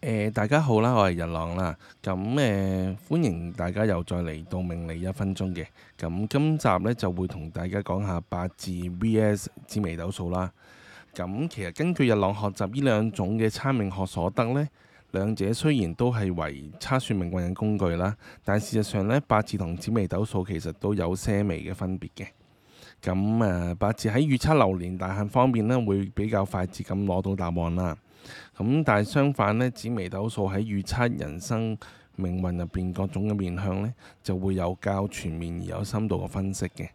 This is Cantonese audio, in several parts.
誒、呃、大家好啦，我係日朗啦，咁誒、呃、歡迎大家又再嚟到命理一分鐘嘅，咁今集呢就會同大家講下八字 VS 紫微斗數啦。咁其實根據日朗學習呢兩種嘅差命學所得呢，兩者雖然都係為差算命運嘅工具啦，但事實上呢，八字同紫微斗數其實都有些微嘅分別嘅。咁誒，八字喺預測流年大限方面呢，會比較快捷咁攞到答案啦。咁但係相反呢，紫微斗數喺預測人生命運入邊各種嘅面向呢，就會有較全面而有深度嘅分析嘅。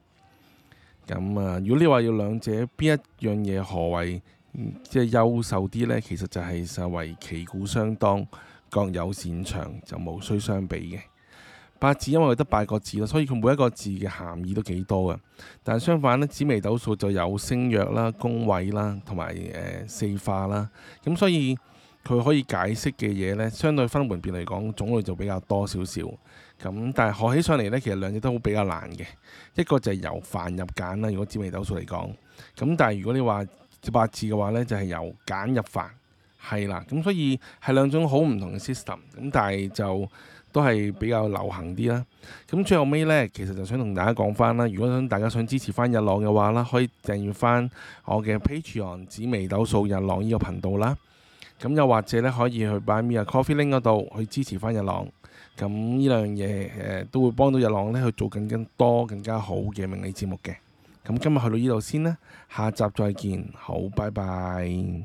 咁啊，如果你話要兩者邊一樣嘢何謂、嗯、即係優秀啲呢，其實就係實為旗鼓相當，各有擅長，就無需相比嘅。八字因為佢得八個字啦，所以佢每一個字嘅含義都幾多嘅。但係相反咧，紫微斗數就有星曜啦、宮位啦同埋誒四化啦。咁所以佢可以解釋嘅嘢咧，相對分門別嚟講，種類就比較多少少。咁但係學起上嚟咧，其實兩隻都好比較難嘅。一個就係由繁入簡啦，如果紫微斗數嚟講。咁但係如果你話八字嘅話咧，就係由簡入繁。係啦，咁所以係兩種好唔同嘅 system，咁但係就都係比較流行啲啦。咁最後尾呢，其實就想同大家講翻啦，如果大家想支持翻日朗嘅話呢，可以訂閱翻我嘅 Patreon 紫微斗數日朗呢個頻道啦。咁又或者呢，可以去 Buy me a Coffee link 度去支持翻日朗。咁呢樣嘢誒都會幫到日朗呢去做更加多、更加好嘅命理節目嘅。咁今日去到呢度先啦，下集再見。好，拜拜。